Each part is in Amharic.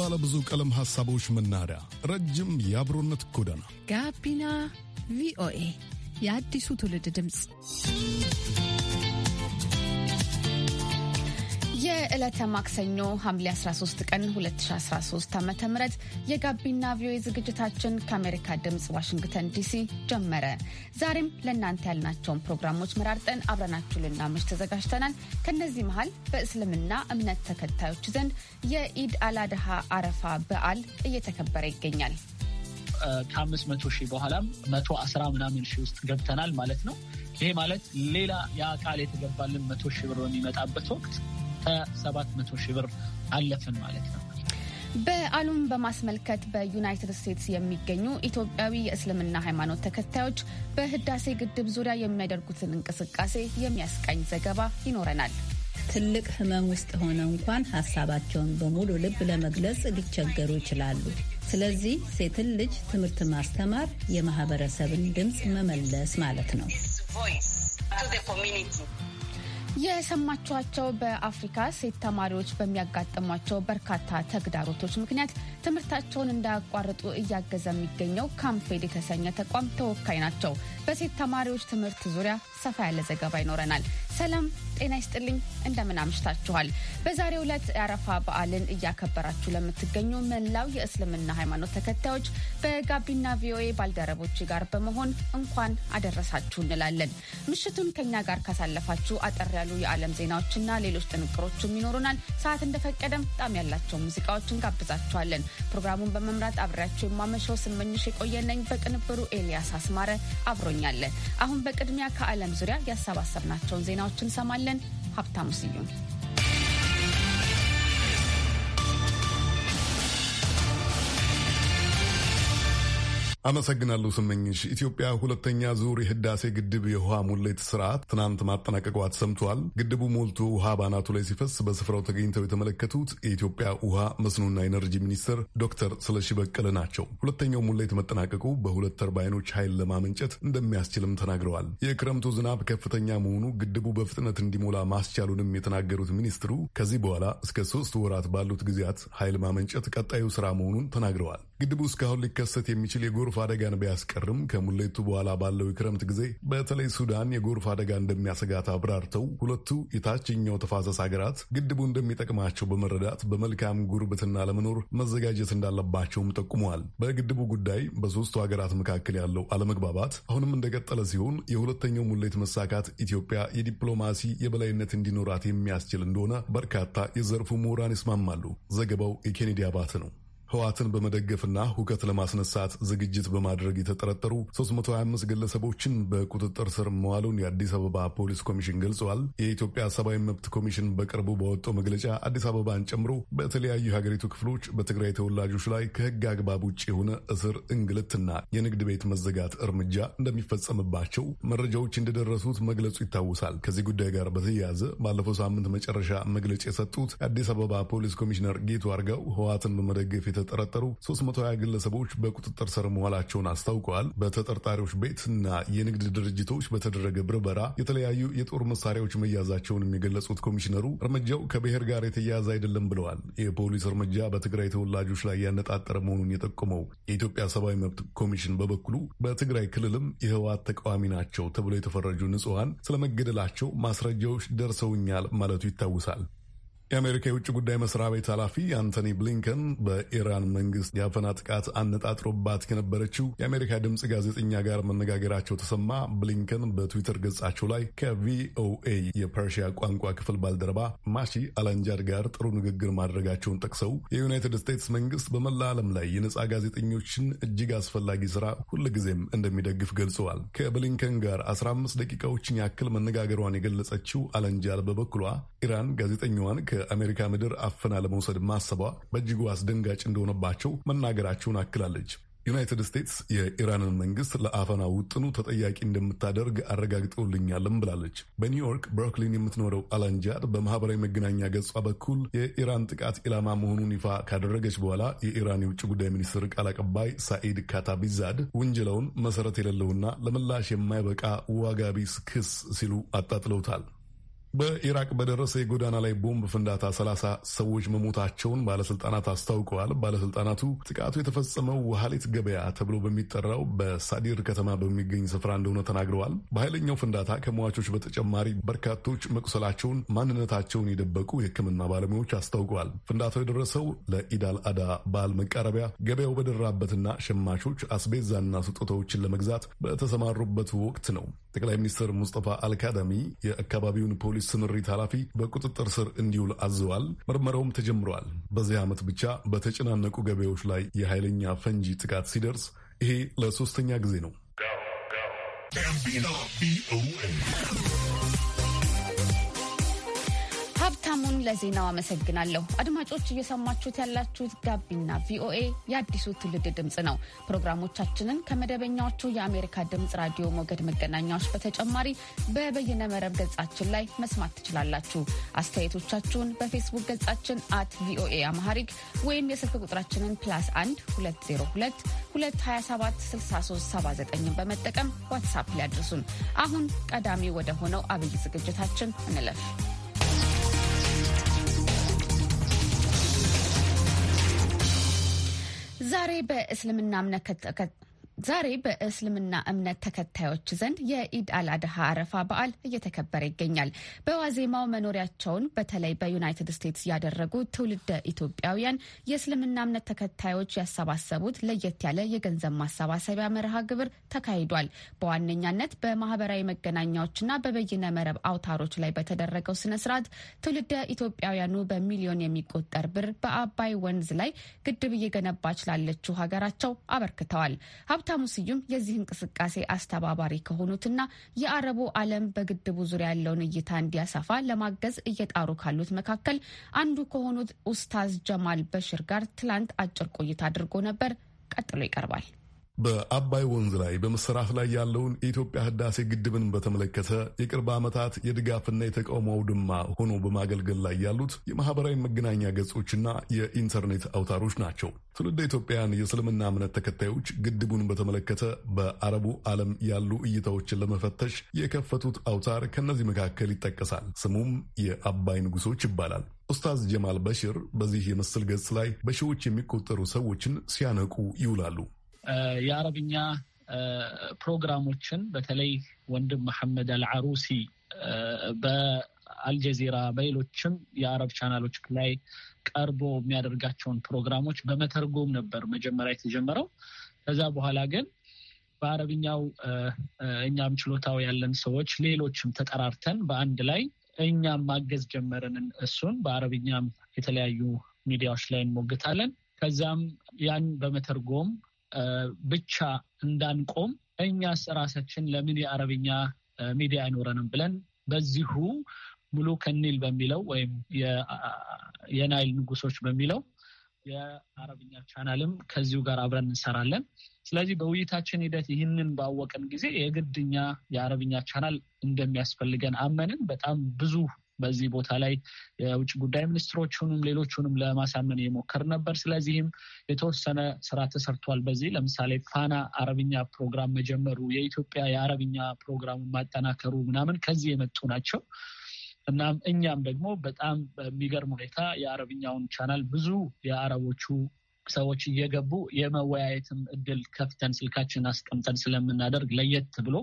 ባለብዙ ቀለም ሐሳቦች መናኸሪያ፣ ረጅም የአብሮነት ጎዳና፣ ጋቢና ቪኦኤ፣ የአዲሱ ትውልድ ድምፅ የዕለተ ማክሰኞ ሐምሌ 13 ቀን 2013 ዓ ም የጋቢና ቪኦኤ ዝግጅታችን ከአሜሪካ ድምፅ ዋሽንግተን ዲሲ ጀመረ። ዛሬም ለእናንተ ያልናቸውን ፕሮግራሞች መራርጠን አብረናችሁ ልናመሽ ተዘጋጅተናል። ከእነዚህ መሀል በእስልምና እምነት ተከታዮች ዘንድ የኢድ አላድሃ አረፋ በዓል እየተከበረ ይገኛል። ከአምስት መቶ ሺህ በኋላም መቶ አስራ ምናምን ሺህ ውስጥ ገብተናል ማለት ነው። ይሄ ማለት ሌላ የአካል የተገባልን መቶ ሺህ የሚመጣበት ወቅት ከ700 ሺህ ብር አለፍን ማለት ነው። በዓሉን በማስመልከት በዩናይትድ ስቴትስ የሚገኙ ኢትዮጵያዊ የእስልምና ሃይማኖት ተከታዮች በህዳሴ ግድብ ዙሪያ የሚያደርጉትን እንቅስቃሴ የሚያስቃኝ ዘገባ ይኖረናል። ትልቅ ህመም ውስጥ ሆነ እንኳን ሀሳባቸውን በሙሉ ልብ ለመግለጽ ሊቸገሩ ይችላሉ። ስለዚህ ሴትን ልጅ ትምህርት ማስተማር የማህበረሰብን ድምፅ መመለስ ማለት ነው። የሰማችኋቸው በአፍሪካ ሴት ተማሪዎች በሚያጋጥሟቸው በርካታ ተግዳሮቶች ምክንያት ትምህርታቸውን እንዳያቋርጡ እያገዘ የሚገኘው ካምፌድ የተሰኘ ተቋም ተወካይ ናቸው። በሴት ተማሪዎች ትምህርት ዙሪያ ሰፋ ያለ ዘገባ ይኖረናል። ሰላም ጤና ይስጥልኝ። እንደምን አምሽታችኋል። በዛሬው ዕለት የአረፋ በዓልን እያከበራችሁ ለምትገኙ መላው የእስልምና ሃይማኖት ተከታዮች በጋቢና ቪኦኤ ባልደረቦች ጋር በመሆን እንኳን አደረሳችሁ እንላለን። ምሽቱን ከኛ ጋር ካሳለፋችሁ አጠር ያሉ የዓለም ዜናዎችና ሌሎች ጥንቅሮችም ይኖሩናል። ሰዓት እንደፈቀደም ጣም ያላቸው ሙዚቃዎችን ጋብዛችኋለን። ፕሮግራሙን በመምራት አብሬያችሁ የማመሸው ስመኝሽ የቆየነኝ፣ በቅንብሩ ኤልያስ አስማረ አብሮኛለን። አሁን በቅድሚያ ከዓለም ዙሪያ ያሰባሰብናቸውን ዜናዎችን እንሰማለን። እንመኛለን። ሀብታሙ ስዩም አመሰግናለሁ ስመኝሽ። ኢትዮጵያ ሁለተኛ ዙር የህዳሴ ግድብ የውሃ ሙሌት ስርዓት ትናንት ማጠናቀቋ ተሰምቷል። ግድቡ ሞልቶ ውሃ ባናቱ ላይ ሲፈስ በስፍራው ተገኝተው የተመለከቱት የኢትዮጵያ ውሃ መስኖና ኤነርጂ ሚኒስትር ዶክተር ስለሺ በቀለ ናቸው። ሁለተኛው ሙሌት መጠናቀቁ በሁለት ተርባይኖች ኃይል ለማመንጨት እንደሚያስችልም ተናግረዋል። የክረምቱ ዝናብ ከፍተኛ መሆኑ ግድቡ በፍጥነት እንዲሞላ ማስቻሉንም የተናገሩት ሚኒስትሩ ከዚህ በኋላ እስከ ሶስት ወራት ባሉት ጊዜያት ኃይል ማመንጨት ቀጣዩ ስራ መሆኑን ተናግረዋል። ግድቡ እስካሁን ሊከሰት የሚችል የጎርፍ አደጋን ቢያስቀርም ከሙሌቱ በኋላ ባለው የክረምት ጊዜ በተለይ ሱዳን የጎርፍ አደጋ እንደሚያሰጋት አብራርተው ሁለቱ የታችኛው ተፋሰስ ሀገራት ግድቡ እንደሚጠቅማቸው በመረዳት በመልካም ጉርብትና ለመኖር መዘጋጀት እንዳለባቸውም ጠቁመዋል። በግድቡ ጉዳይ በሦስቱ ሀገራት መካከል ያለው አለመግባባት አሁንም እንደቀጠለ ሲሆን የሁለተኛው ሙሌት መሳካት ኢትዮጵያ የዲፕሎማሲ የበላይነት እንዲኖራት የሚያስችል እንደሆነ በርካታ የዘርፉ ምሁራን ይስማማሉ። ዘገባው የኬኔዲ አባት ነው። ህዋትን በመደገፍና ሁከት ለማስነሳት ዝግጅት በማድረግ የተጠረጠሩ 325 ግለሰቦችን በቁጥጥር ስር መዋሉን የአዲስ አበባ ፖሊስ ኮሚሽን ገልጸዋል። የኢትዮጵያ ሰብአዊ መብት ኮሚሽን በቅርቡ በወጣው መግለጫ አዲስ አበባን ጨምሮ በተለያዩ የሀገሪቱ ክፍሎች በትግራይ ተወላጆች ላይ ከህግ አግባብ ውጭ የሆነ እስር፣ እንግልትና የንግድ ቤት መዘጋት እርምጃ እንደሚፈጸምባቸው መረጃዎች እንደደረሱት መግለጹ ይታወሳል። ከዚህ ጉዳይ ጋር በተያያዘ ባለፈው ሳምንት መጨረሻ መግለጫ የሰጡት የአዲስ አበባ ፖሊስ ኮሚሽነር ጌቱ አርጋው ህዋትን በመደገፍ የተጠረጠሩ 320 ግለሰቦች በቁጥጥር ስር መዋላቸውን አስታውቀዋል። በተጠርጣሪዎች ቤት እና የንግድ ድርጅቶች በተደረገ ብርበራ የተለያዩ የጦር መሳሪያዎች መያዛቸውን የገለጹት ኮሚሽነሩ እርምጃው ከብሔር ጋር የተያያዘ አይደለም ብለዋል። የፖሊስ እርምጃ በትግራይ ተወላጆች ላይ ያነጣጠረ መሆኑን የጠቆመው የኢትዮጵያ ሰብአዊ መብት ኮሚሽን በበኩሉ በትግራይ ክልልም የህወሓት ተቃዋሚ ናቸው ተብለው የተፈረጁ ንጹሐን ስለመገደላቸው ማስረጃዎች ደርሰውኛል ማለቱ ይታወሳል። የአሜሪካ የውጭ ጉዳይ መስሪያ ቤት ኃላፊ አንቶኒ ብሊንከን በኢራን መንግስት የአፈና ጥቃት አነጣጥሮባት ከነበረችው የአሜሪካ ድምፅ ጋዜጠኛ ጋር መነጋገራቸው ተሰማ። ብሊንከን በትዊተር ገጻቸው ላይ ከቪኦኤ የፐርሺያ ቋንቋ ክፍል ባልደረባ ማሺ አላንጃድ ጋር ጥሩ ንግግር ማድረጋቸውን ጠቅሰው የዩናይትድ ስቴትስ መንግስት በመላ ዓለም ላይ የነፃ ጋዜጠኞችን እጅግ አስፈላጊ ስራ ሁልጊዜም እንደሚደግፍ ገልጸዋል። ከብሊንከን ጋር 15 ደቂቃዎችን ያክል መነጋገሯን የገለጸችው አላንጃድ በበኩሏ ኢራን ጋዜጠኛዋን ከ ከአሜሪካ ምድር አፍና ለመውሰድ ማሰቧ በእጅጉ አስደንጋጭ እንደሆነባቸው መናገራቸውን አክላለች። ዩናይትድ ስቴትስ የኢራንን መንግስት ለአፈና ውጥኑ ተጠያቂ እንደምታደርግ አረጋግጠውልኛልም ብላለች። በኒውዮርክ ብሩክሊን የምትኖረው አላንጃድ በማህበራዊ መገናኛ ገጿ በኩል የኢራን ጥቃት ኢላማ መሆኑን ይፋ ካደረገች በኋላ የኢራን የውጭ ጉዳይ ሚኒስትር ቃል አቀባይ ሳኢድ ካታቢዛድ ውንጀላውን መሰረት የሌለውና ለምላሽ የማይበቃ ዋጋቢስ ክስ ሲሉ አጣጥለውታል። በኢራቅ በደረሰ የጎዳና ላይ ቦምብ ፍንዳታ ሰላሳ ሰዎች መሞታቸውን ባለስልጣናት አስታውቀዋል። ባለስልጣናቱ ጥቃቱ የተፈጸመው ውሃሌት ገበያ ተብሎ በሚጠራው በሳዲር ከተማ በሚገኝ ስፍራ እንደሆነ ተናግረዋል። በኃይለኛው ፍንዳታ ከሟቾች በተጨማሪ በርካቶች መቁሰላቸውን ማንነታቸውን የደበቁ የሕክምና ባለሙያዎች አስታውቀዋል። ፍንዳታው የደረሰው ለኢዳል አዳ በዓል መቃረቢያ ገበያው በደራበትና ሸማቾች አስቤዛና ስጦታዎችን ለመግዛት በተሰማሩበት ወቅት ነው። ጠቅላይ ሚኒስትር ሙስጠፋ አልካዳሚ የአካባቢውን ፖሊስ ፖሊስ ስምሪት ኃላፊ በቁጥጥር ስር እንዲውል አዘዋል። ምርመራውም ተጀምረዋል። በዚህ ዓመት ብቻ በተጨናነቁ ገበያዎች ላይ የኃይለኛ ፈንጂ ጥቃት ሲደርስ ይሄ ለሶስተኛ ጊዜ ነው። ንጉሱን ለዜናው አመሰግናለሁ። አድማጮች እየሰማችሁት ያላችሁት ጋቢና ቪኦኤ የአዲሱ ትውልድ ድምፅ ነው። ፕሮግራሞቻችንን ከመደበኛዎቹ የአሜሪካ ድምፅ ራዲዮ ሞገድ መገናኛዎች በተጨማሪ በበይነ መረብ ገጻችን ላይ መስማት ትችላላችሁ። አስተያየቶቻችሁን በፌስቡክ ገጻችን አት ቪኦኤ አማሐሪክ ወይም የስልክ ቁጥራችንን ፕላስ 1 202 227 6379 በመጠቀም ዋትሳፕ ሊያድርሱን። አሁን ቀዳሚ ወደ ሆነው አብይ ዝግጅታችን እንለፍ። ዛሬ በእስልምና እምነት ዛሬ በእስልምና እምነት ተከታዮች ዘንድ የኢድ አልአድሃ አረፋ በዓል እየተከበረ ይገኛል። በዋዜማው መኖሪያቸውን በተለይ በዩናይትድ ስቴትስ ያደረጉ ትውልደ ኢትዮጵያውያን የእስልምና እምነት ተከታዮች ያሰባሰቡት ለየት ያለ የገንዘብ ማሰባሰቢያ መርሃ ግብር ተካሂዷል። በዋነኛነት በማህበራዊ መገናኛዎችና በበይነ መረብ አውታሮች ላይ በተደረገው ስነስርዓት ትውልደ ኢትዮጵያውያኑ በሚሊዮን የሚቆጠር ብር በአባይ ወንዝ ላይ ግድብ እየገነባች ላለችው ሀገራቸው አበርክተዋል። ሀብታሙ ስዩም የዚህ እንቅስቃሴ አስተባባሪ ከሆኑትና የአረቡ ዓለም በግድቡ ዙሪያ ያለውን እይታ እንዲያሰፋ ለማገዝ እየጣሩ ካሉት መካከል አንዱ ከሆኑት ኡስታዝ ጀማል በሽር ጋር ትላንት አጭር ቆይታ አድርጎ ነበር። ቀጥሎ ይቀርባል። በአባይ ወንዝ ላይ በመሰራት ላይ ያለውን የኢትዮጵያ ህዳሴ ግድብን በተመለከተ የቅርብ ዓመታት የድጋፍና የተቃውሞ አውድማ ሆኖ በማገልገል ላይ ያሉት የማህበራዊ መገናኛ ገጾችና የኢንተርኔት አውታሮች ናቸው። ትውልደ ኢትዮጵያውያን የእስልምና እምነት ተከታዮች ግድቡን በተመለከተ በአረቡ ዓለም ያሉ እይታዎችን ለመፈተሽ የከፈቱት አውታር ከእነዚህ መካከል ይጠቀሳል። ስሙም የአባይ ንጉሶች ይባላል። ኡስታዝ ጀማል በሽር በዚህ የምስል ገጽ ላይ በሺዎች የሚቆጠሩ ሰዎችን ሲያነቁ ይውላሉ። የአረብኛ ፕሮግራሞችን በተለይ ወንድም መሐመድ አልዓሩሲ በአልጀዚራ በሌሎችም የአረብ ቻናሎች ላይ ቀርቦ የሚያደርጋቸውን ፕሮግራሞች በመተርጎም ነበር መጀመሪያ የተጀመረው። ከዛ በኋላ ግን በአረብኛው እኛም ችሎታው ያለን ሰዎች ሌሎችም ተጠራርተን በአንድ ላይ እኛም ማገዝ ጀመርን። እሱን በአረብኛም የተለያዩ ሚዲያዎች ላይ እንሞግታለን። ከዛም ያን በመተርጎም ብቻ እንዳንቆም እኛስ ራሳችን ለምን የአረብኛ ሚዲያ አይኖረንም ብለን በዚሁ ሙሉ ከኒል በሚለው ወይም የናይል ንጉሶች በሚለው የአረብኛ ቻናልም ከዚሁ ጋር አብረን እንሰራለን። ስለዚህ በውይይታችን ሂደት ይህንን ባወቀን ጊዜ የግድኛ የአረብኛ ቻናል እንደሚያስፈልገን አመንን። በጣም ብዙ በዚህ ቦታ ላይ የውጭ ጉዳይ ሚኒስትሮቹንም ሌሎቹንም ለማሳመን የሞከር ነበር። ስለዚህም የተወሰነ ስራ ተሰርቷል። በዚህ ለምሳሌ ፋና አረብኛ ፕሮግራም መጀመሩ፣ የኢትዮጵያ የአረብኛ ፕሮግራም ማጠናከሩ ምናምን ከዚህ የመጡ ናቸው። እናም እኛም ደግሞ በጣም በሚገርም ሁኔታ የአረብኛውን ቻናል ብዙ የአረቦቹ ሰዎች እየገቡ የመወያየትም እድል ከፍተን ስልካችን አስቀምጠን ስለምናደርግ ለየት ብሎ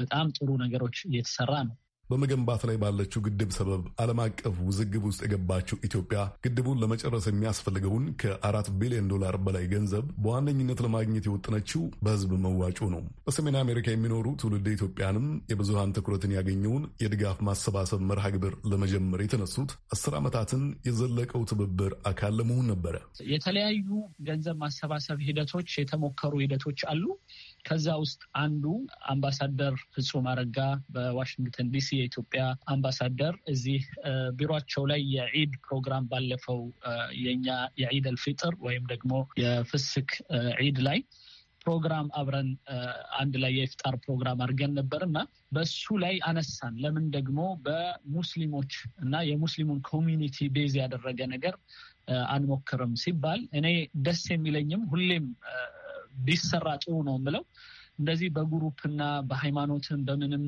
በጣም ጥሩ ነገሮች እየተሰራ ነው። በመገንባት ላይ ባለችው ግድብ ሰበብ ዓለም አቀፍ ውዝግብ ውስጥ የገባችው ኢትዮጵያ ግድቡን ለመጨረስ የሚያስፈልገውን ከአራት ቢሊዮን ዶላር በላይ ገንዘብ በዋነኝነት ለማግኘት የወጠነችው በሕዝብ መዋጮ ነው። በሰሜን አሜሪካ የሚኖሩ ትውልድ ኢትዮጵያንም የብዙሃን ትኩረትን ያገኘውን የድጋፍ ማሰባሰብ መርሃ ግብር ለመጀመር የተነሱት አስር ዓመታትን የዘለቀው ትብብር አካል ለመሆን ነበረ። የተለያዩ ገንዘብ ማሰባሰብ ሂደቶች የተሞከሩ ሂደቶች አሉ። ከዛ ውስጥ አንዱ አምባሳደር ፍጹም አረጋ በዋሽንግተን ዲሲ የኢትዮጵያ አምባሳደር እዚህ ቢሮቸው ላይ የዒድ ፕሮግራም ባለፈው የኛ የዒድ አልፊጥር ወይም ደግሞ የፍስክ ዒድ ላይ ፕሮግራም አብረን አንድ ላይ የኢፍጣር ፕሮግራም አድርገን ነበር እና በሱ ላይ አነሳን። ለምን ደግሞ በሙስሊሞች እና የሙስሊሙን ኮሚኒቲ ቤዝ ያደረገ ነገር አንሞክርም ሲባል እኔ ደስ የሚለኝም ሁሌም ቢሰራ ጥሩ ነው የምለው። እንደዚህ በግሩፕና በሃይማኖትም በምንም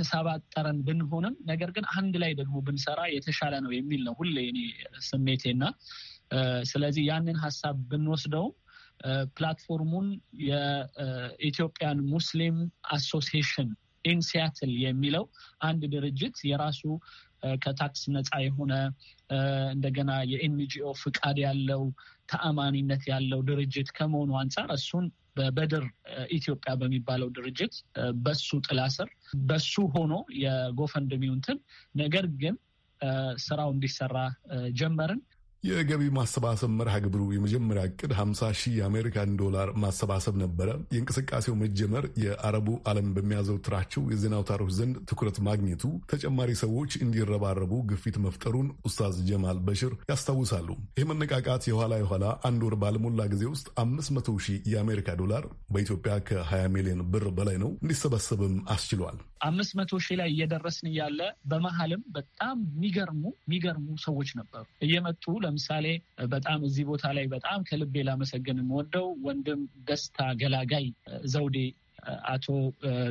ተሰባጠረን ብንሆንም ነገር ግን አንድ ላይ ደግሞ ብንሰራ የተሻለ ነው የሚል ነው ሁሌ እኔ ስሜቴና ስለዚህ ያንን ሀሳብ ብንወስደውም ፕላትፎርሙን የኢትዮጵያን ሙስሊም አሶሲሽን ኢንሲያትል የሚለው አንድ ድርጅት የራሱ ከታክስ ነፃ የሆነ እንደገና የኤንጂኦ ፍቃድ ያለው ተአማኒነት ያለው ድርጅት ከመሆኑ አንጻር እሱን በበድር ኢትዮጵያ በሚባለው ድርጅት በሱ ጥላ ስር በሱ ሆኖ የጎፈንድሚውንትን ነገር ግን ስራው እንዲሰራ ጀመርን። የገቢ ማሰባሰብ መርሃ ግብሩ የመጀመሪያ እቅድ 50 ሺህ የአሜሪካን ዶላር ማሰባሰብ ነበረ። የእንቅስቃሴው መጀመር የአረቡ ዓለም በሚያዘወትራቸው የዜና አውታሮች ዘንድ ትኩረት ማግኘቱ ተጨማሪ ሰዎች እንዲረባረቡ ግፊት መፍጠሩን ኡስታዝ ጀማል በሽር ያስታውሳሉ። ይህ መነቃቃት የኋላ የኋላ አንድ ወር ባለሞላ ጊዜ ውስጥ 500 ሺህ የአሜሪካ ዶላር በኢትዮጵያ ከ20 ሚሊዮን ብር በላይ ነው እንዲሰበሰብም አስችሏል። አምስት መቶ ሺህ ላይ እየደረስን እያለ በመሀልም በጣም የሚገርሙ የሚገርሙ ሰዎች ነበሩ እየመጡ ለምሳሌ በጣም እዚህ ቦታ ላይ በጣም ከልቤ ላመሰግን የምወደው ወንድም ደስታ ገላጋይ ዘውዴ አቶ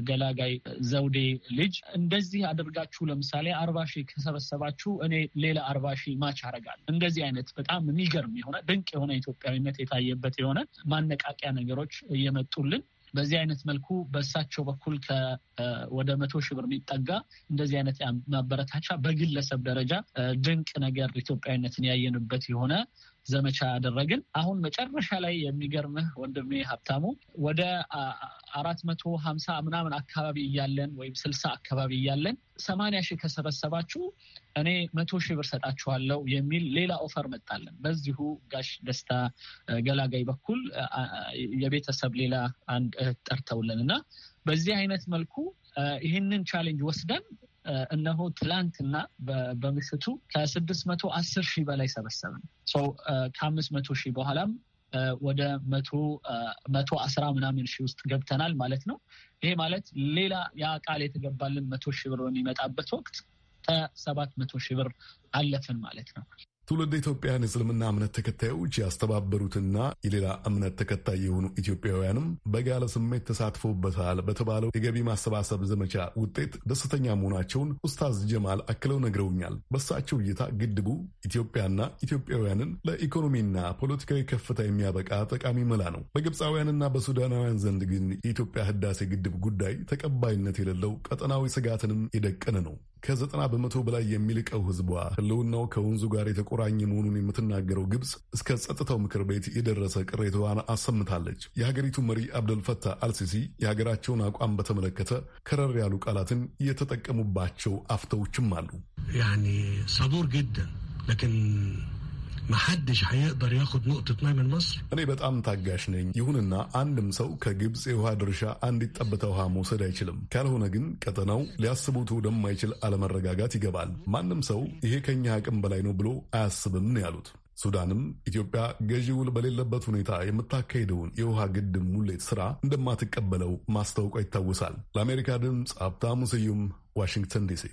ገላጋይ ዘውዴ ልጅ እንደዚህ አድርጋችሁ ለምሳሌ አርባ ሺህ ከሰበሰባችሁ እኔ ሌላ አርባ ሺህ ማች አረጋለሁ። እንደዚህ አይነት በጣም የሚገርም የሆነ ድንቅ የሆነ ኢትዮጵያዊነት የታየበት የሆነ ማነቃቂያ ነገሮች እየመጡልን በዚህ አይነት መልኩ በእሳቸው በኩል ወደ መቶ ሺህ ብር የሚጠጋ እንደዚህ አይነት ማበረታቻ በግለሰብ ደረጃ ድንቅ ነገር ኢትዮጵያዊነትን ያየንበት የሆነ ዘመቻ ያደረግን። አሁን መጨረሻ ላይ የሚገርምህ ወንድሜ ሀብታሙ ወደ አራት መቶ ሀምሳ ምናምን አካባቢ እያለን ወይም ስልሳ አካባቢ እያለን ሰማንያ ሺህ ከሰበሰባችሁ እኔ መቶ ሺህ ብር ሰጣችኋለሁ የሚል ሌላ ኦፈር መጣለን። በዚሁ ጋሽ ደስታ ገላጋይ በኩል የቤተሰብ ሌላ አንድ እህት ጠርተውልን እና በዚህ አይነት መልኩ ይህንን ቻሌንጅ ወስደን እነሆ ትላንትና በምሽቱ ከስድስት መቶ አስር ሺህ በላይ ሰበሰብን። ሰው ከአምስት መቶ ሺህ በኋላም ወደ መቶ አስራ ምናምን ሺህ ውስጥ ገብተናል ማለት ነው። ይሄ ማለት ሌላ ያ ቃል የተገባልን መቶ ሺህ ብር በሚመጣበት ወቅት ከሰባት መቶ ሺህ ብር አለፍን ማለት ነው። ትውልድ ኢትዮጵያን የእስልምና እምነት ተከታዮች ያስተባበሩትና የሌላ እምነት ተከታይ የሆኑ ኢትዮጵያውያንም በጋለ ስሜት ተሳትፎበታል በተባለው የገቢ ማሰባሰብ ዘመቻ ውጤት ደስተኛ መሆናቸውን ኡስታዝ ጀማል አክለው ነግረውኛል። በሳቸው እይታ ግድቡ ኢትዮጵያና ኢትዮጵያውያንን ለኢኮኖሚና ፖለቲካዊ ከፍታ የሚያበቃ ጠቃሚ መላ ነው። በግብፃውያንና በሱዳናውያን ዘንድ ግን የኢትዮጵያ ህዳሴ ግድብ ጉዳይ ተቀባይነት የሌለው ቀጠናዊ ስጋትንም የደቀነ ነው። ከዘጠና በመቶ በላይ የሚልቀው ህዝቧ ህልውናው ከወንዙ ጋር የተቆራኘ መሆኑን የምትናገረው ግብፅ እስከ ጸጥታው ምክር ቤት የደረሰ ቅሬታዋን አሰምታለች። የሀገሪቱ መሪ አብደልፈታህ አልሲሲ የሀገራቸውን አቋም በተመለከተ ከረር ያሉ ቃላትን የተጠቀሙባቸው አፍታዎችም አሉ። ያኔ ሰቡር ለክን እኔ በጣም ታጋሽ ነኝ። ይሁንና አንድም ሰው ከግብፅ የውሃ ድርሻ አንዲት ጠብታ ውሃ መውሰድ አይችልም። ካልሆነ ግን ቀጠናው ሊያስቡት ወደማይችል አለመረጋጋት ይገባል። ማንም ሰው ይሄ ከኛ አቅም በላይ ነው ብሎ አያስብም ያሉት። ሱዳንም ኢትዮጵያ ገዢ ውል በሌለበት ሁኔታ የምታካሄደውን የውሃ ግድብ ሙሌት ስራ እንደማትቀበለው ማስታወቋ ይታወሳል። ለአሜሪካ ድምፅ ሀብታሙ ስዩም ዋሽንግተን ዲሲ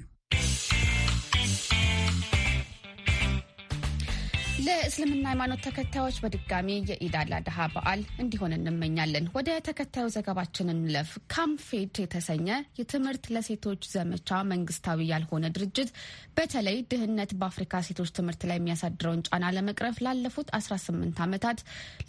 ለእስልምና ሃይማኖት ተከታዮች በድጋሚ የኢድ አል አድሃ በዓል እንዲሆን እንመኛለን። ወደ ተከታዩ ዘገባችን እንለፍ። ካምፌድ የተሰኘ የትምህርት ለሴቶች ዘመቻ መንግስታዊ ያልሆነ ድርጅት በተለይ ድህነት በአፍሪካ ሴቶች ትምህርት ላይ የሚያሳድረውን ጫና ለመቅረፍ ላለፉት 18 ዓመታት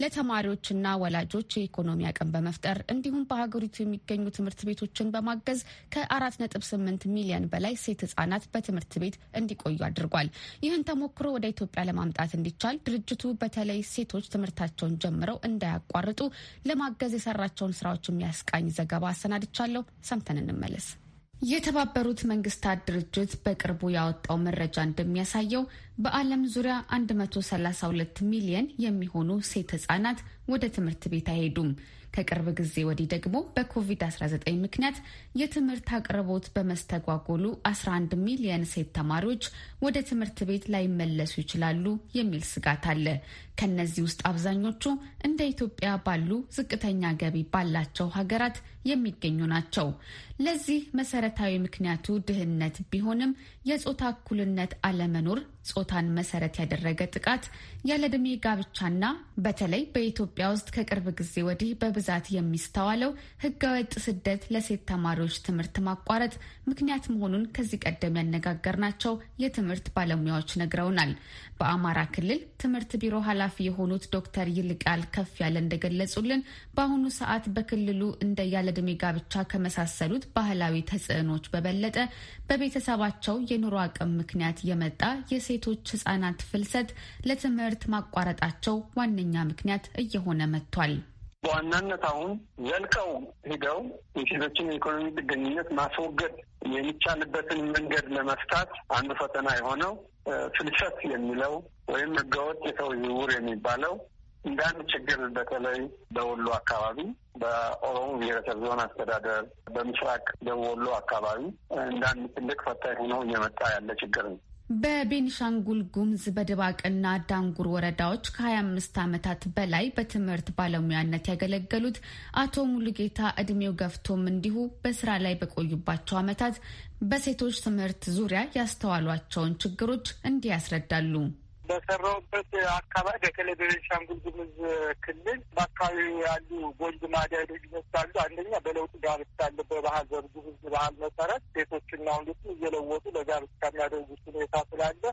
ለተማሪዎችና ወላጆች የኢኮኖሚ አቅም በመፍጠር እንዲሁም በሀገሪቱ የሚገኙ ትምህርት ቤቶችን በማገዝ ከ4.8 ሚሊዮን በላይ ሴት ህጻናት በትምህርት ቤት እንዲቆዩ አድርጓል። ይህን ተሞክሮ ወደ ኢትዮጵያ ለማምጣት እንዲ እንዲቻል ድርጅቱ በተለይ ሴቶች ትምህርታቸውን ጀምረው እንዳያቋርጡ ለማገዝ የሰራቸውን ስራዎች የሚያስቃኝ ዘገባ አሰናድቻለሁ። ሰምተን እንመለስ። የተባበሩት መንግስታት ድርጅት በቅርቡ ያወጣው መረጃ እንደሚያሳየው በዓለም ዙሪያ 132 ሚሊየን የሚሆኑ ሴት ህጻናት ወደ ትምህርት ቤት አይሄዱም። ከቅርብ ጊዜ ወዲህ ደግሞ በኮቪድ-19 ምክንያት የትምህርት አቅርቦት በመስተጓጎሉ 11 ሚሊየን ሴት ተማሪዎች ወደ ትምህርት ቤት ላይመለሱ ይችላሉ የሚል ስጋት አለ። ከነዚህ ውስጥ አብዛኞቹ እንደ ኢትዮጵያ ባሉ ዝቅተኛ ገቢ ባላቸው ሀገራት የሚገኙ ናቸው። ለዚህ መሰረታዊ ምክንያቱ ድህነት ቢሆንም የጾታ እኩልነት አለመኖር፣ ጾታን መሰረት ያደረገ ጥቃት፣ ያለዕድሜ ጋብቻና በተለይ በኢትዮጵያ ውስጥ ከቅርብ ጊዜ ወዲህ በብዛት የሚስተዋለው ህገወጥ ስደት ለሴት ተማሪዎች ትምህርት ማቋረጥ ምክንያት መሆኑን ከዚህ ቀደም ያነጋገርናቸው የትምህርት ባለሙያዎች ነግረውናል። በአማራ ክልል ትምህርት ቢሮ ኃላፊ ኃላፊ የሆኑት ዶክተር ይልቃል ከፍ ያለ እንደገለጹልን በአሁኑ ሰዓት በክልሉ እንደ ያለዕድሜ ጋብቻ ከመሳሰሉት ባህላዊ ተጽዕኖች በበለጠ በቤተሰባቸው የኑሮ አቅም ምክንያት የመጣ የሴቶች ህጻናት ፍልሰት ለትምህርት ማቋረጣቸው ዋነኛ ምክንያት እየሆነ መጥቷል። በዋናነት አሁን ዘልቀው ሂደው የሴቶችን የኢኮኖሚ ጥገኝነት ማስወገድ የሚቻልበትን መንገድ ለመፍታት አንዱ ፈተና የሆነው ፍልሰት የሚለው ወይም ህገወጥ የሰው ዝውውር የሚባለው እንዳንድ ችግር በተለይ በወሎ አካባቢ በኦሮሞ ብሔረሰብ ዞን አስተዳደር በምስራቅ ወሎ አካባቢ እንዳንድ ትልቅ ፈታኝ ሆኖ እየመጣ ያለ ችግር ነው። በቤኒሻንጉል ጉምዝ በድባቅና ዳንጉር ወረዳዎች ከ25 ዓመታት በላይ በትምህርት ባለሙያነት ያገለገሉት አቶ ሙሉጌታ እድሜው ገፍቶም እንዲሁ በስራ ላይ በቆዩባቸው ዓመታት በሴቶች ትምህርት ዙሪያ ያስተዋሏቸውን ችግሮች እንዲህ ያስረዳሉ። በሰራሁበት አካባቢ በተለይ በቤንሻንጉል ጉሙዝ ክልል በአካባቢው ያሉ ጎልድ ማዳያ ልዩነት አንደኛ በለውጥ ጋብቻ አለ። በባህል በጉሙዝ ባህል መሰረት ሴቶችና ወንዶችን እየለወጡ ለጋብቻ የሚያደርጉት ሁኔታ ስላለ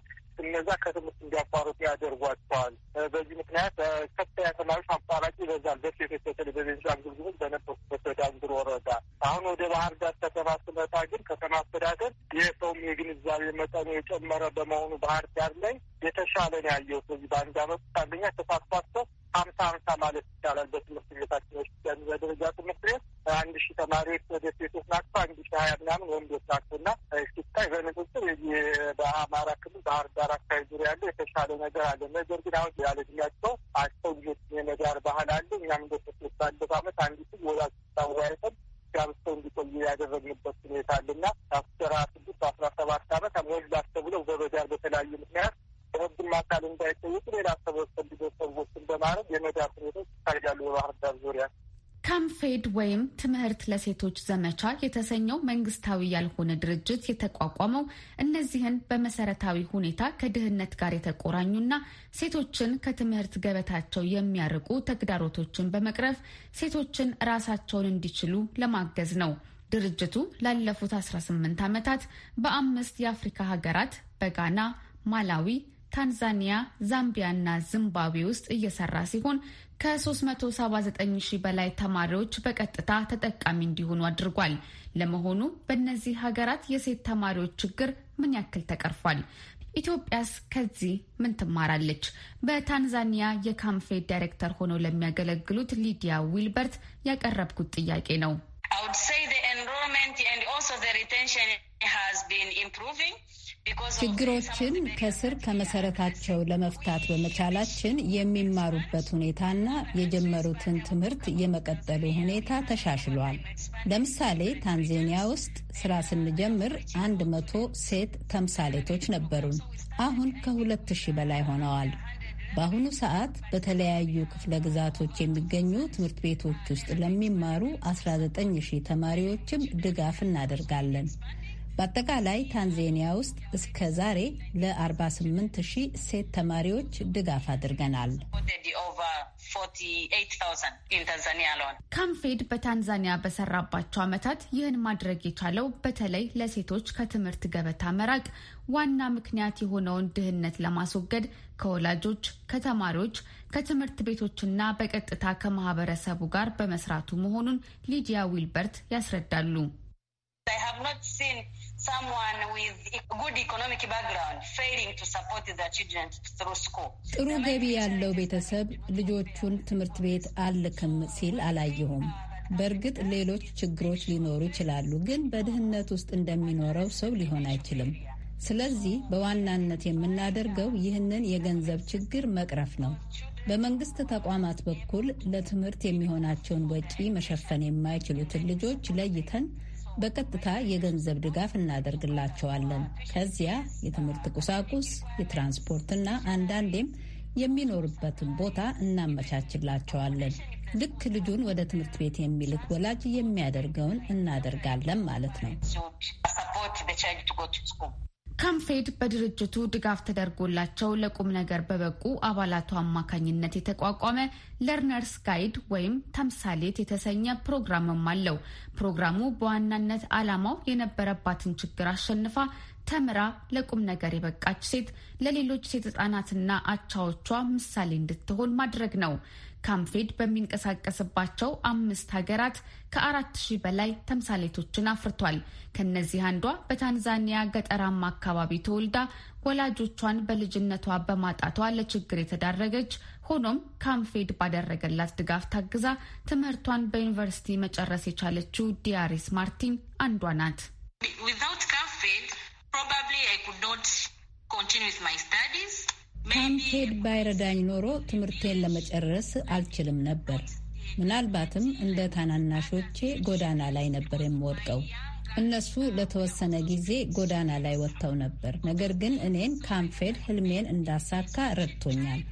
እነዛ ከትምህርት እንዲያቋርጡ ያደርጓቸዋል። በዚህ ምክንያት ከፍተኛ ተማሪዎች አቋራጭ ይበዛል። በሴቶች በተለይ በቤንሻንጉል ጉሙዝ በነበርኩበት በዳንግር ወረዳ። አሁን ወደ ባህር ዳር ከተማ ስመጣ ግን ከተማ አስተዳደር የሰውም የግንዛቤ መጠኑ የጨመረ በመሆኑ ባህር ዳር ላይ የተሻ ነው ያየሁት። በዚህ በአንድ አመት አንደኛ ተሳትፏቸው ሀምሳ ሀምሳ ማለት ይቻላል። በትምህርት ቤታችን ውስጥ ያሉ በደረጃ ትምህርት ቤት አንድ ሺህ ተማሪዎች ወደ ሴቶች ናቸው፣ አንድ ሺህ ሀያ ምናምን ወንዶች ናቸው እና ሲታይ በንጽጽር በአማራ ክልል ባህር ዳር አካባቢ ዙሪያ ያለው የተሻለ ነገር አለ። ነገር ግን አሁን ያለ እድሜያቸው አቸው ልጆች የመዳር ባህል አለ። እኛም እንደተስ ባለፈ አመት አንድ ስ ወላጅ ታወያይተን ጋብተው እንዲቆዩ ያደረግንበት ሁኔታ አለና አስራ ስድስት አስራ ሰባት አመት ሞላቸው ብለው በበዳር በተለያዩ ምክንያት ማንኛውም አካል እንዳይጠየቅ ሌላ ሰዎች ፈልጎ ሰዎችን በማረግ የመዳ ሁኔቶች ይታያሉ በባህር ዳር ዙሪያ። ካምፌድ ወይም ትምህርት ለሴቶች ዘመቻ የተሰኘው መንግስታዊ ያልሆነ ድርጅት የተቋቋመው እነዚህን በመሰረታዊ ሁኔታ ከድህነት ጋር የተቆራኙና ሴቶችን ከትምህርት ገበታቸው የሚያርቁ ተግዳሮቶችን በመቅረፍ ሴቶችን ራሳቸውን እንዲችሉ ለማገዝ ነው። ድርጅቱ ላለፉት 18 ዓመታት በአምስት የአፍሪካ ሀገራት በጋና፣ ማላዊ ታንዛኒያ፣ ዛምቢያ እና ዚምባብዌ ውስጥ እየሰራ ሲሆን ከ379 ሺህ በላይ ተማሪዎች በቀጥታ ተጠቃሚ እንዲሆኑ አድርጓል። ለመሆኑ በእነዚህ ሀገራት የሴት ተማሪዎች ችግር ምን ያክል ተቀርፏል? ኢትዮጵያስ ከዚህ ምን ትማራለች? በታንዛኒያ የካምፌ ዳይሬክተር ሆነው ለሚያገለግሉት ሊዲያ ዊልበርት ያቀረብኩት ጥያቄ ነው። ችግሮችን ከስር ከመሰረታቸው ለመፍታት በመቻላችን የሚማሩበት ሁኔታና የጀመሩትን ትምህርት የመቀጠሉ ሁኔታ ተሻሽሏል። ለምሳሌ ታንዜኒያ ውስጥ ስራ ስንጀምር አንድ መቶ ሴት ተምሳሌቶች ነበሩን። አሁን ከሁለት ሺህ በላይ ሆነዋል። በአሁኑ ሰዓት በተለያዩ ክፍለ ግዛቶች የሚገኙ ትምህርት ቤቶች ውስጥ ለሚማሩ 19 ሺህ ተማሪዎችም ድጋፍ እናደርጋለን። በአጠቃላይ ታንዜኒያ ውስጥ እስከ ዛሬ ለ48 ሺህ ሴት ተማሪዎች ድጋፍ አድርገናል። ካምፌድ በታንዛኒያ በሰራባቸው ዓመታት ይህን ማድረግ የቻለው በተለይ ለሴቶች ከትምህርት ገበታ መራቅ ዋና ምክንያት የሆነውን ድህነት ለማስወገድ ከወላጆች፣ ከተማሪዎች፣ ከትምህርት ቤቶችና በቀጥታ ከማህበረሰቡ ጋር በመስራቱ መሆኑን ሊዲያ ዊልበርት ያስረዳሉ። I have not seen someone with e, good economic background failing to support their children through school. ጥሩ ገቢ ያለው ቤተሰብ ልጆቹን ትምህርት ቤት አልክም ሲል አላየሁም። በእርግጥ ሌሎች ችግሮች ሊኖሩ ይችላሉ፣ ግን በድህነት ውስጥ እንደሚኖረው ሰው ሊሆን አይችልም። ስለዚህ በዋናነት የምናደርገው ይህንን የገንዘብ ችግር መቅረፍ ነው። በመንግስት ተቋማት በኩል ለትምህርት የሚሆናቸውን ወጪ መሸፈን የማይችሉትን ልጆች ለይተን በቀጥታ የገንዘብ ድጋፍ እናደርግላቸዋለን። ከዚያ የትምህርት ቁሳቁስ፣ የትራንስፖርትና አንዳንዴም የሚኖርበትን ቦታ እናመቻችላቸዋለን። ልክ ልጁን ወደ ትምህርት ቤት የሚልክ ወላጅ የሚያደርገውን እናደርጋለን ማለት ነው። ከምፌድ በድርጅቱ ድጋፍ ተደርጎላቸው ለቁም ነገር በበቁ አባላቱ አማካኝነት የተቋቋመ ለርነርስ ጋይድ ወይም ተምሳሌት የተሰኘ ፕሮግራምም አለው። ፕሮግራሙ በዋናነት ዓላማው የነበረባትን ችግር አሸንፋ ተምራ ለቁም ነገር የበቃች ሴት ለሌሎች ሴት ህጻናትና አቻዎቿ ምሳሌ እንድትሆን ማድረግ ነው። ካምፌድ በሚንቀሳቀስባቸው አምስት ሀገራት ከአራት ሺህ በላይ ተምሳሌቶችን አፍርቷል። ከነዚህ አንዷ በታንዛኒያ ገጠራማ አካባቢ ተወልዳ ወላጆቿን በልጅነቷ በማጣቷ ለችግር የተዳረገች ሆኖም ካምፌድ ባደረገላት ድጋፍ ታግዛ ትምህርቷን በዩኒቨርሲቲ መጨረስ የቻለችው ዲያሪስ ማርቲን አንዷ ናት። ካምፌድ ፕሮባብሊ አይ ኩድ ኖት ዊዝ ማይ ስታዲስ ካምፔድ ባይረዳኝ ኖሮ ትምህርቴን ለመጨረስ አልችልም ነበር። ምናልባትም እንደ ታናናሾቼ ጎዳና ላይ ነበር የምወድቀው። እነሱ ለተወሰነ ጊዜ ጎዳና ላይ ወጥተው ነበር። ነገር ግን እኔን ካምፌድ ህልሜን እንዳሳካ ረድቶኛል።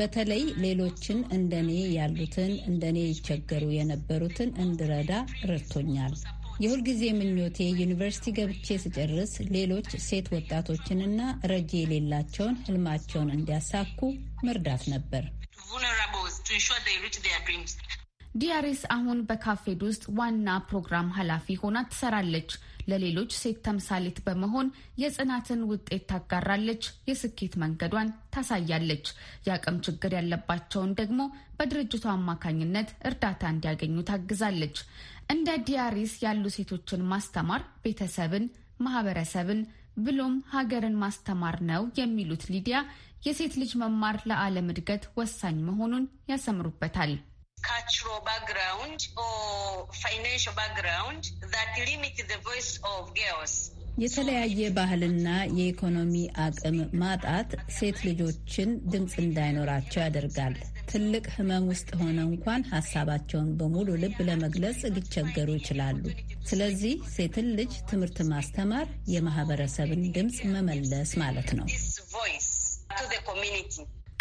በተለይ ሌሎችን እንደኔ ያሉትን እንደኔ ይቸገሩ የነበሩትን እንድረዳ ረድቶኛል። የሁልጊዜ ምኞቴ ዩኒቨርሲቲ ገብቼ ስጨርስ ሌሎች ሴት ወጣቶችንና ረጂ የሌላቸውን ህልማቸውን እንዲያሳኩ መርዳት ነበር። ዲያሪስ አሁን በካፌድ ውስጥ ዋና ፕሮግራም ኃላፊ ሆና ትሰራለች። ለሌሎች ሴት ተምሳሌት በመሆን የጽናትን ውጤት ታጋራለች፣ የስኬት መንገዷን ታሳያለች። የአቅም ችግር ያለባቸውን ደግሞ በድርጅቱ አማካኝነት እርዳታ እንዲያገኙ ታግዛለች። እንደ ዲያሪስ ያሉ ሴቶችን ማስተማር ቤተሰብን፣ ማህበረሰብን ብሎም ሀገርን ማስተማር ነው የሚሉት ሊዲያ የሴት ልጅ መማር ለዓለም እድገት ወሳኝ መሆኑን ያሰምሩበታል። cultural background or financial background that limit the voice of girls. የተለያየ ባህልና የኢኮኖሚ አቅም ማጣት ሴት ልጆችን ድምፅ እንዳይኖራቸው ያደርጋል። ትልቅ ሕመም ውስጥ ሆነ እንኳን ሀሳባቸውን በሙሉ ልብ ለመግለጽ ሊቸገሩ ይችላሉ። ስለዚህ ሴትን ልጅ ትምህርት ማስተማር የማህበረሰብን ድምፅ መመለስ ማለት ነው።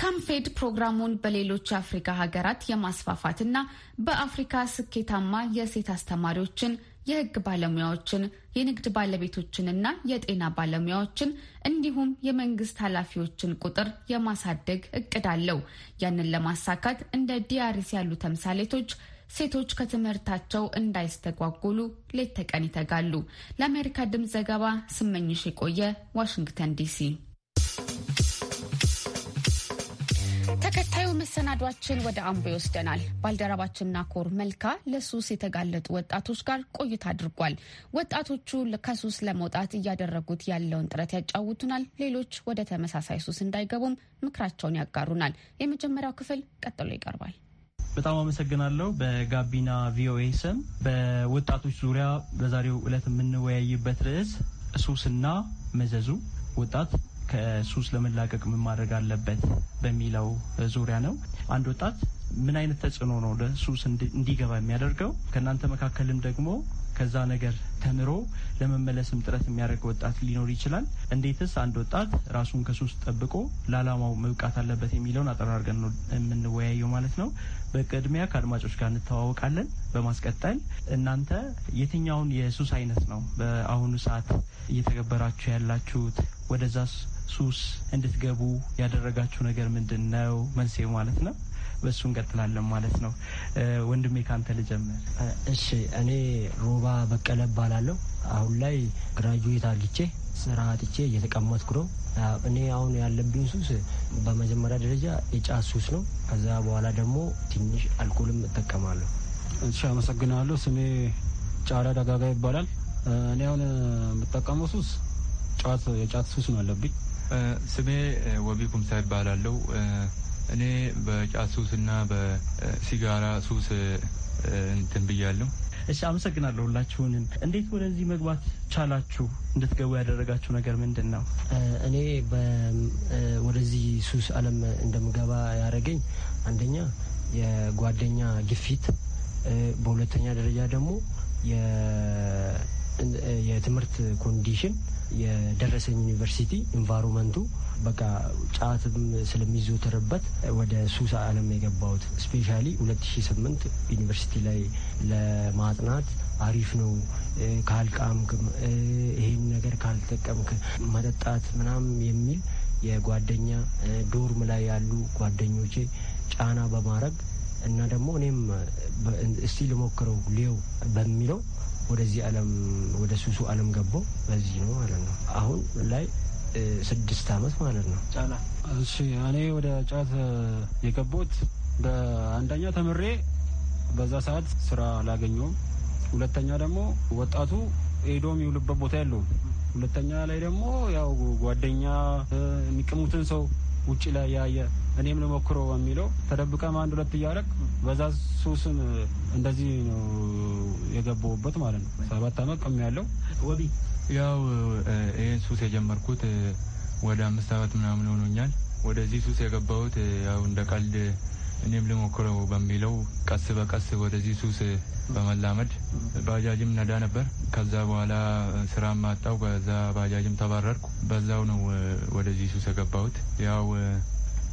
ካምፌድ ፕሮግራሙን በሌሎች የአፍሪካ ሀገራት የማስፋፋትና በአፍሪካ ስኬታማ የሴት አስተማሪዎችን የህግ ባለሙያዎችን፣ የንግድ ባለቤቶችንና የጤና ባለሙያዎችን እንዲሁም የመንግስት ኃላፊዎችን ቁጥር የማሳደግ እቅድ አለው። ያንን ለማሳካት እንደ ዲያሪስ ያሉ ተምሳሌቶች ሴቶች ከትምህርታቸው እንዳይስተጓጎሉ ሌት ተቀን ይተጋሉ። ለአሜሪካ ድምፅ ዘገባ ስመኝሽ የቆየ ዋሽንግተን ዲሲ። መሰናዷችን ወደ አምቦ ይወስደናል። ባልደረባችን ናኮር መልካ ለሱስ የተጋለጡ ወጣቶች ጋር ቆይታ አድርጓል። ወጣቶቹ ከሱስ ለመውጣት እያደረጉት ያለውን ጥረት ያጫውቱናል። ሌሎች ወደ ተመሳሳይ ሱስ እንዳይገቡም ምክራቸውን ያጋሩናል። የመጀመሪያው ክፍል ቀጥሎ ይቀርባል። በጣም አመሰግናለሁ። በጋቢና ቪኦኤ ስም በወጣቶች ዙሪያ በዛሬው ዕለት የምንወያይበት ርዕስ ሱስና መዘዙ ወጣት ከሱስ ለመላቀቅ ምን ማድረግ አለበት በሚለው ዙሪያ ነው። አንድ ወጣት ምን አይነት ተጽዕኖ ነው ለሱስ እንዲገባ የሚያደርገው? ከእናንተ መካከልም ደግሞ ከዛ ነገር ተምሮ ለመመለስም ጥረት የሚያደርግ ወጣት ሊኖር ይችላል። እንዴትስ አንድ ወጣት ራሱን ከሱስ ጠብቆ ለዓላማው መብቃት አለበት የሚለውን አጠራርገን ነው የምንወያየው ማለት ነው። በቅድሚያ ከአድማጮች ጋር እንተዋወቃለን። በማስቀጠል እናንተ የትኛውን የሱስ አይነት ነው በአሁኑ ሰዓት እየተገበራችሁ ያላችሁት? ወደዛስ ሱስ እንድትገቡ ያደረጋችሁ ነገር ምንድን ነው? መንስኤ ማለት ነው። በእሱ እንቀጥላለን ማለት ነው። ወንድሜ ካንተ ልጀምር። እሺ፣ እኔ ሮባ በቀለ እባላለሁ። አሁን ላይ ግራጁዌት አግቼ ስራ አጥቼ እየተቀመጥኩ ነው። እኔ አሁን ያለብኝ ሱስ በመጀመሪያ ደረጃ የጫት ሱስ ነው። ከዛ በኋላ ደግሞ ትንሽ አልኮልም እጠቀማለሁ። እሺ፣ አመሰግናለሁ። ስሜ ጫላ ደጋጋ ይባላል። እኔ አሁን የምጠቀመው ሱስ ጫት የጫት ሱስ ነው ያለብኝ ስሜ ወቢኩም ሳ ይባላለው። እኔ በጫት ሱስና በሲጋራ ሱስ እንትን ብያለሁ። እሺ፣ አመሰግናለሁ ሁላችሁንም። እንዴት ወደዚህ መግባት ቻላችሁ? እንድትገቡ ያደረጋችሁ ነገር ምንድን ነው? እኔ ወደዚህ ሱስ አለም እንደምገባ ያደረገኝ አንደኛ የጓደኛ ግፊት፣ በሁለተኛ ደረጃ ደግሞ የትምህርት ኮንዲሽን የደረሰኝ ዩኒቨርሲቲ ኢንቫይሮመንቱ በቃ ጫትም ስለሚዘወተርበት ወደ ሱስ አለም የገባሁት ስፔሻሊ 2008 ዩኒቨርሲቲ ላይ ለማጥናት አሪፍ ነው ካልቃምክ፣ ይሄን ነገር ካልጠቀምክ መጠጣት ምናምን የሚል የጓደኛ ዶርም ላይ ያሉ ጓደኞቼ ጫና በማድረግ እና ደግሞ እኔም እስቲ ልሞክረው ሌው በሚለው ወደዚህ ዓለም ወደ ሱሱ ዓለም ገባው። በዚህ ነው ማለት ነው አሁን ላይ ስድስት አመት ማለት ነው። ጫላ እሺ። እኔ ወደ ጫት የገባሁት በአንደኛ ተምሬ በዛ ሰዓት ስራ አላገኘውም። ሁለተኛ ደግሞ ወጣቱ ሄዶ የሚውልበት ቦታ የለውም። ሁለተኛ ላይ ደግሞ ያው ጓደኛ የሚቀሙትን ሰው ውጭ ላይ ያየ እኔም ልሞክሮ የሚለው ተደብቀም አንድ ሁለት እያደረግ በዛ ሱስም እንደዚህ ነው የገባውበት ማለት ነው። ሰባት አመት ቅም ያለው ወቢ ያው ይህን ሱስ የጀመርኩት ወደ አምስት አመት ምናምን ሆኖኛል። ወደዚህ ሱስ የገባሁት ያው እንደ ቀልድ እኔም ልሞክረው በሚለው ቀስ በቀስ ወደዚህ ሱስ በመላመድ ባጃጅም ነዳ ነበር። ከዛ በኋላ ስራም ማጣው ከዛ ባጃጅም ተባረርኩ። በዛው ነው ወደዚህ ሱስ የገባሁት ያው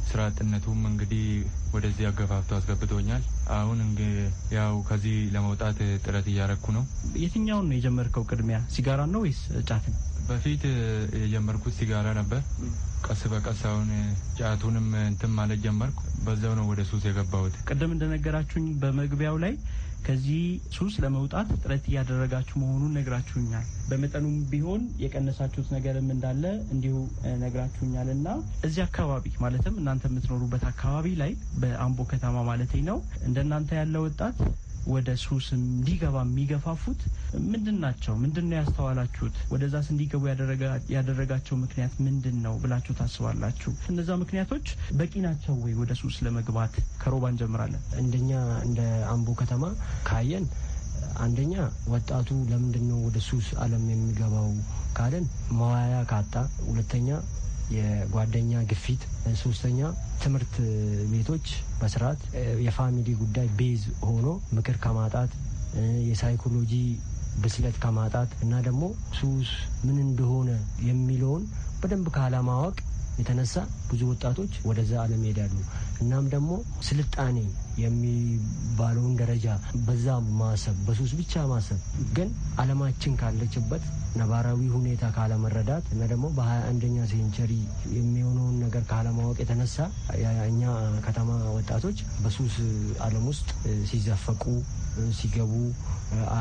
ስራ አጥነቱም እንግዲህ ወደዚህ አገፋፍቶ አስገብቶኛል። አሁን ያው ከዚህ ለመውጣት ጥረት እያረኩ ነው። የትኛውን ነው የጀመርከው? ቅድሚያ ሲጋራ ነው ወይስ ጫት በፊት የጀመርኩት ሲጋራ ነበር። ቀስ በቀስ አሁን ጫቱንም እንትን ማለት ጀመርኩ። በዛው ነው ወደ ሱስ የገባሁት። ቅድም እንደነገራችሁኝ በመግቢያው ላይ ከዚህ ሱስ ለመውጣት ጥረት እያደረጋችሁ መሆኑን ነግራችሁኛል። በመጠኑም ቢሆን የቀነሳችሁት ነገርም እንዳለ እንዲሁ ነግራችሁኛል እና እዚህ አካባቢ ማለትም እናንተ የምትኖሩበት አካባቢ ላይ በአምቦ ከተማ ማለት ነው እንደናንተ ያለ ወጣት ወደ ሱስ እንዲገባ የሚገፋፉት ምንድን ናቸው? ምንድን ነው ያስተዋላችሁት? ወደዛስ እንዲገቡ ያደረጋቸው ምክንያት ምንድን ነው ብላችሁ ታስባላችሁ? እነዛ ምክንያቶች በቂ ናቸው ወይ ወደ ሱስ ለመግባት? ከሮባ እንጀምራለን። እንደኛ እንደ አምቦ ከተማ ካየን አንደኛ ወጣቱ ለምንድን ነው ወደ ሱስ አለም የሚገባው ካለን መዋያ ካጣ፣ ሁለተኛ የጓደኛ ግፊት፣ ሶስተኛ ትምህርት ቤቶች መስራት የፋሚሊ ጉዳይ ቤዝ ሆኖ ምክር ከማጣት የሳይኮሎጂ ብስለት ከማጣት እና ደግሞ ሱስ ምን እንደሆነ የሚለውን በደንብ ካለማወቅ የተነሳ ብዙ ወጣቶች ወደዛ አለም ይሄዳሉ። እናም ደግሞ ስልጣኔ የሚባለውን ደረጃ በዛ ማሰብ በሱስ ብቻ ማሰብ ግን አለማችን ካለችበት ነባራዊ ሁኔታ ካለመረዳት እና ደግሞ በሀያ አንደኛ ሴንቸሪ የሚሆነውን ነገር ካለማወቅ የተነሳ እኛ ከተማ ወጣቶች በሱስ አለም ውስጥ ሲዘፈቁ ሲገቡ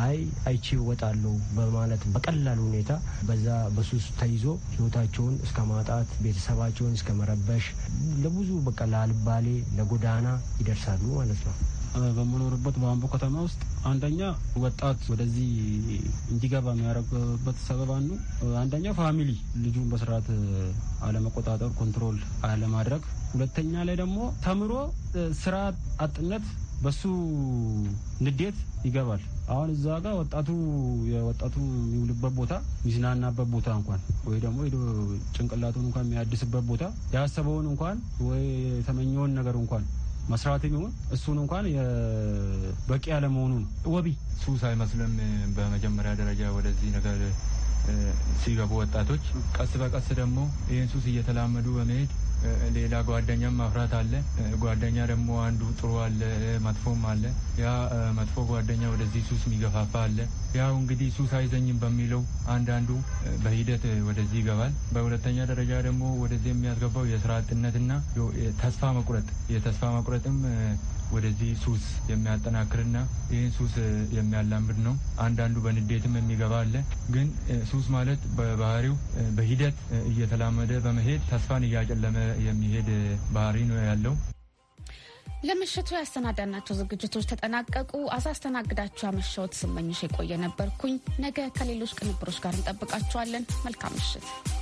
አይ አይቼ እወጣለሁ በማለት በቀላል ሁኔታ በዛ በሱስ ተይዞ ህይወታቸውን እስከ ማጣት ቤተሰባቸውን እስከ መረበሽ ለብዙ በቃ ለአልባሌ ለጎዳና ይደርሳሉ ማለት ነው። በምኖርበት በአምቦ ከተማ ውስጥ አንደኛ ወጣት ወደዚህ እንዲገባ የሚያደርግበት ሰበብ አንዱ አንደኛው ፋሚሊ ልጁን በስርዓት አለመቆጣጠር፣ ኮንትሮል አለማድረግ፣ ሁለተኛ ላይ ደግሞ ተምሮ ስራ አጥነት በሱ ንዴት ይገባል። አሁን እዛ ጋር ወጣቱ የወጣቱ የሚውልበት ቦታ የሚዝናናበት ቦታ እንኳን ወይ ደግሞ ሄዶ ጭንቅላቱን እንኳን የሚያድስበት ቦታ ያሰበውን እንኳን ወይ የተመኘውን ነገር እንኳን መስራትም ይሁን እሱን እንኳን በቂ ያለመሆኑ ነው። ወቢ ሱስ አይመስልም። በመጀመሪያ ደረጃ ወደዚህ ነገር ሲገቡ ወጣቶች ቀስ በቀስ ደግሞ ይህን ሱስ እየተላመዱ በመሄድ ሌላ ጓደኛም ማፍራት አለ። ጓደኛ ደግሞ አንዱ ጥሩ አለ፣ መጥፎም አለ። ያ መጥፎ ጓደኛ ወደዚህ ሱስ የሚገፋፋ አለ። ያው እንግዲህ ሱስ አይዘኝም በሚለው አንዳንዱ በሂደት ወደዚህ ይገባል። በሁለተኛ ደረጃ ደግሞ ወደዚህ የሚያስገባው የስራ አጥነትና ተስፋ መቁረጥ የተስፋ መቁረጥም ወደዚህ ሱስ የሚያጠናክርና ይህን ሱስ የሚያላምድ ነው። አንዳንዱ በንዴትም የሚገባ አለ። ግን ሱስ ማለት በባህሪው በሂደት እየተላመደ በመሄድ ተስፋን እያጨለመ የሚሄድ ባህሪ ነው ያለው። ለምሽቱ ያሰናዳናቸው ዝግጅቶች ተጠናቀቁ። አሳስተናግዳችሁ ያመሸሁት ስመኝሽ የቆየ ነበርኩኝ። ነገ ከሌሎች ቅንብሮች ጋር እንጠብቃችኋለን። መልካም ምሽት።